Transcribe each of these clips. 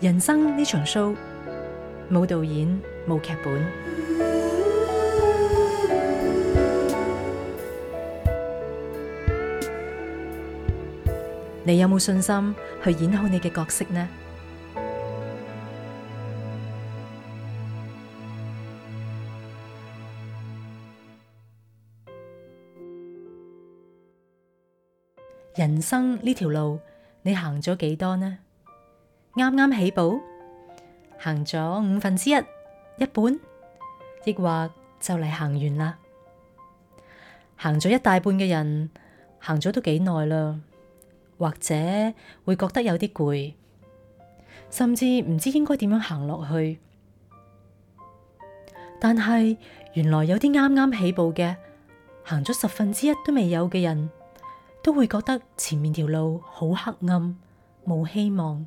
人生呢場 show，冇導演，冇劇本。你有冇信心去演好你嘅角色呢？人生呢條路，你行咗幾多呢？.啱啱起步，行咗五分之一，一半，抑或就嚟行完啦。行咗一大半嘅人，行咗都幾耐啦，或者會覺得有啲攰，甚至唔知應該點樣行落去。但係原來有啲啱啱起步嘅，行咗十分之一都未有嘅人，都會覺得前面條路好黑暗，冇希望。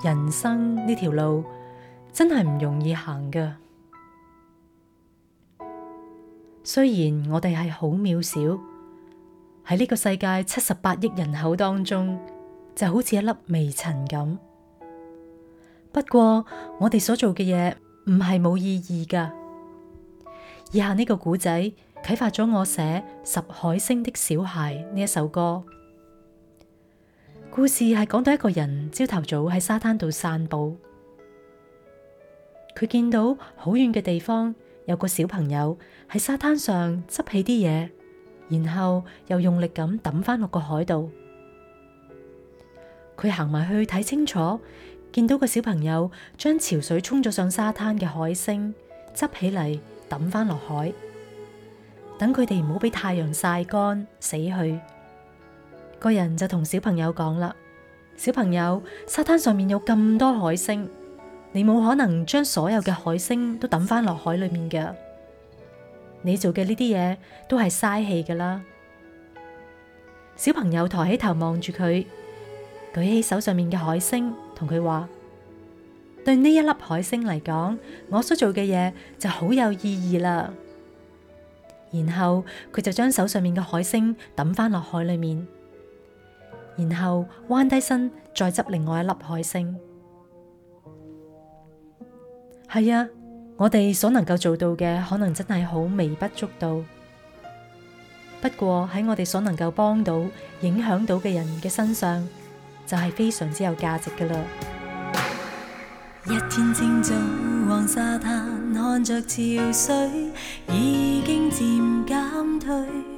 人生呢條路真係唔容易行噶，雖然我哋係好渺小，喺呢個世界七十八億人口當中，就好似一粒微塵咁。不過我哋所做嘅嘢唔係冇意義噶。以下呢個故仔啟發咗我寫《十海星的小孩》呢一首歌。故事係講到一個人朝頭早喺沙灘度散步，佢見到好遠嘅地方有個小朋友喺沙灘上執起啲嘢，然後又用力咁抌翻落個海度。佢行埋去睇清楚，見到個小朋友將潮水沖咗上沙灘嘅海星執起嚟抌翻落海，等佢哋唔好俾太陽曬乾死去。個人就同小朋友講啦：小朋友，沙灘上面有咁多海星，你冇可能將所有嘅海星都抌翻落海裏面嘅。你做嘅呢啲嘢都係嘥氣㗎啦。小朋友抬起頭望住佢，舉起手上面嘅海星，同佢話：對呢一粒海星嚟講，我所做嘅嘢就好有意義啦。然後佢就將手上面嘅海星抌翻落海裏面。然後彎低身再執另外一粒海星。係啊，我哋所能夠做到嘅可能真係好微不足道。不過喺我哋所能夠幫到、影響到嘅人嘅身上，就係非常之有價值㗎喇。一天清早，黃沙灘看着潮水已經漸減退。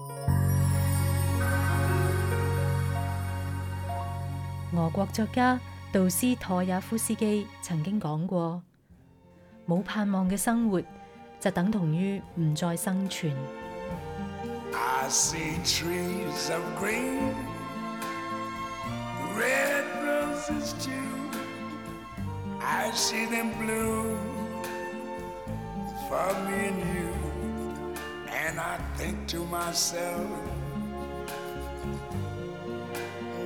俄國作家杜斯妥也夫斯基曾經講過：「冇盼望嘅生活，就等同於唔再生存。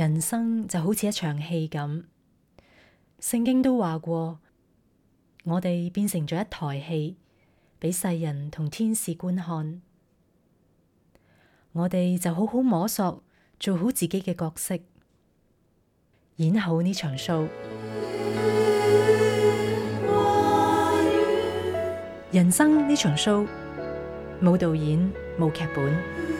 人生就好似一場戲咁，聖經都話過，我哋變成咗一台戲，俾世人同天使觀看，我哋就好好摸索，做好自己嘅角色，演好呢場 show。 人生呢場 show，冇導演，冇劇本。